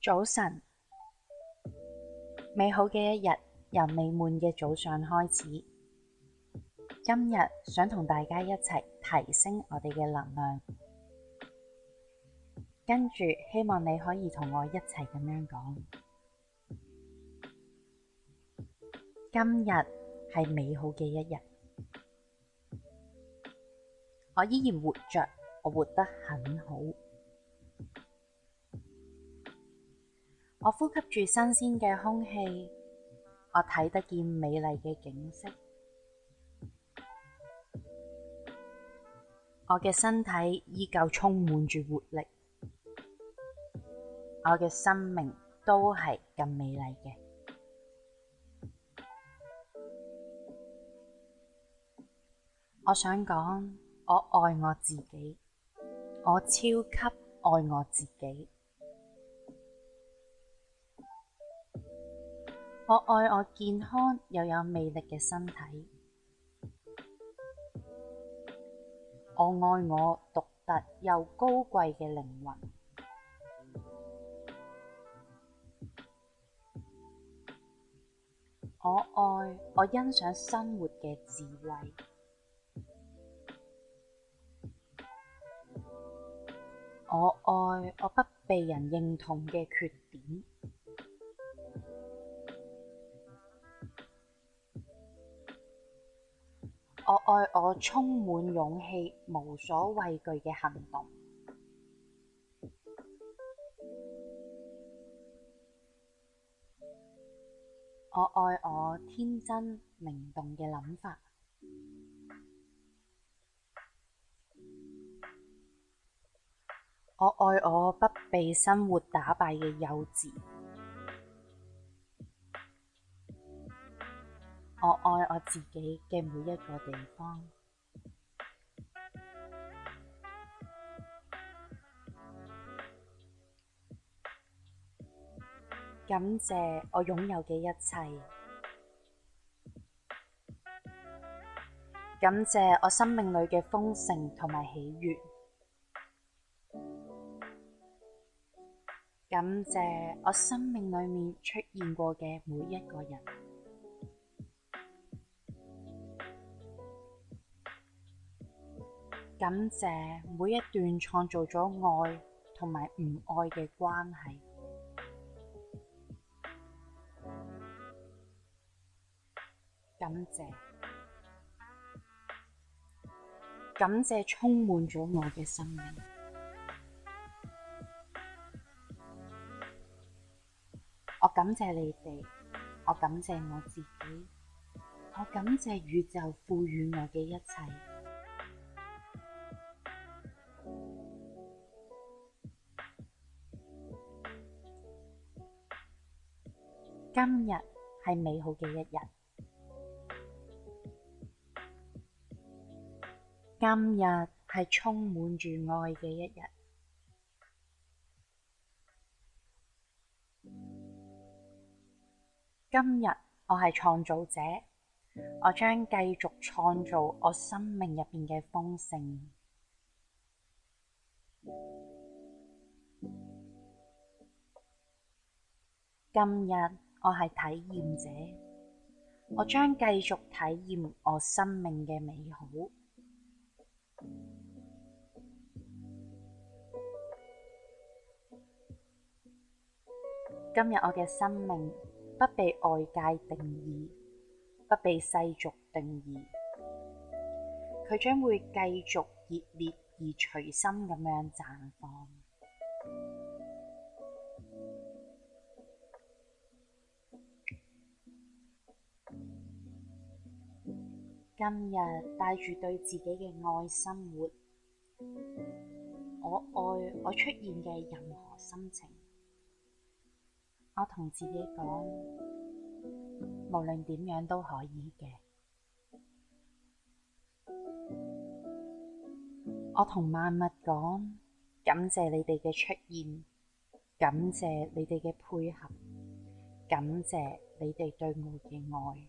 早晨，美好嘅一日由美滿嘅早上開始。今日想同大家一齊提升我哋嘅能量，跟住希望你可以同我一齊咁樣講。今日係美好嘅一日，我依然活着，我活得很好。我呼吸住新鮮嘅空氣，我睇得見美麗嘅景色，我嘅身體依舊充滿住活力，我嘅生命都係咁美麗嘅。我想講，我愛我自己，我超級愛我自己。我愛我健康又有魅力嘅身體，我愛我獨特又高貴嘅靈魂，我愛我欣賞生活嘅智慧，我愛我不被人認同嘅缺點。我愛我充滿勇氣、無所畏懼嘅行動。我愛我天真明動嘅諗法。我愛我不被生活打敗嘅幼稚。我愛我自己嘅每一個地方，感謝我擁有嘅一切，感謝我生命裏嘅豐盛同埋喜悦，感謝我生命裏面出現過嘅每一個人。感謝每一段創造咗愛同埋唔愛嘅關係，感謝，感謝充滿咗我嘅生命。我感謝你哋，我感謝我自己，我感謝宇宙賦予我嘅一切。今日係美好嘅一日，今日係充滿住愛嘅一日。今日我係創造者，我將繼續創造我生命入邊嘅豐盛。今日，我係體驗者，我將繼續體驗我生命嘅美好。今日我嘅生命不被外界定義，不被世俗定義，佢將會繼續熱烈而隨心咁樣綻放。今日帶住對自己嘅愛生活，我愛我出現嘅任何心情，我同自己講，無論點樣都可以嘅。我同萬物講，感謝你哋嘅出現，感謝你哋嘅配合，感謝你哋對我嘅愛。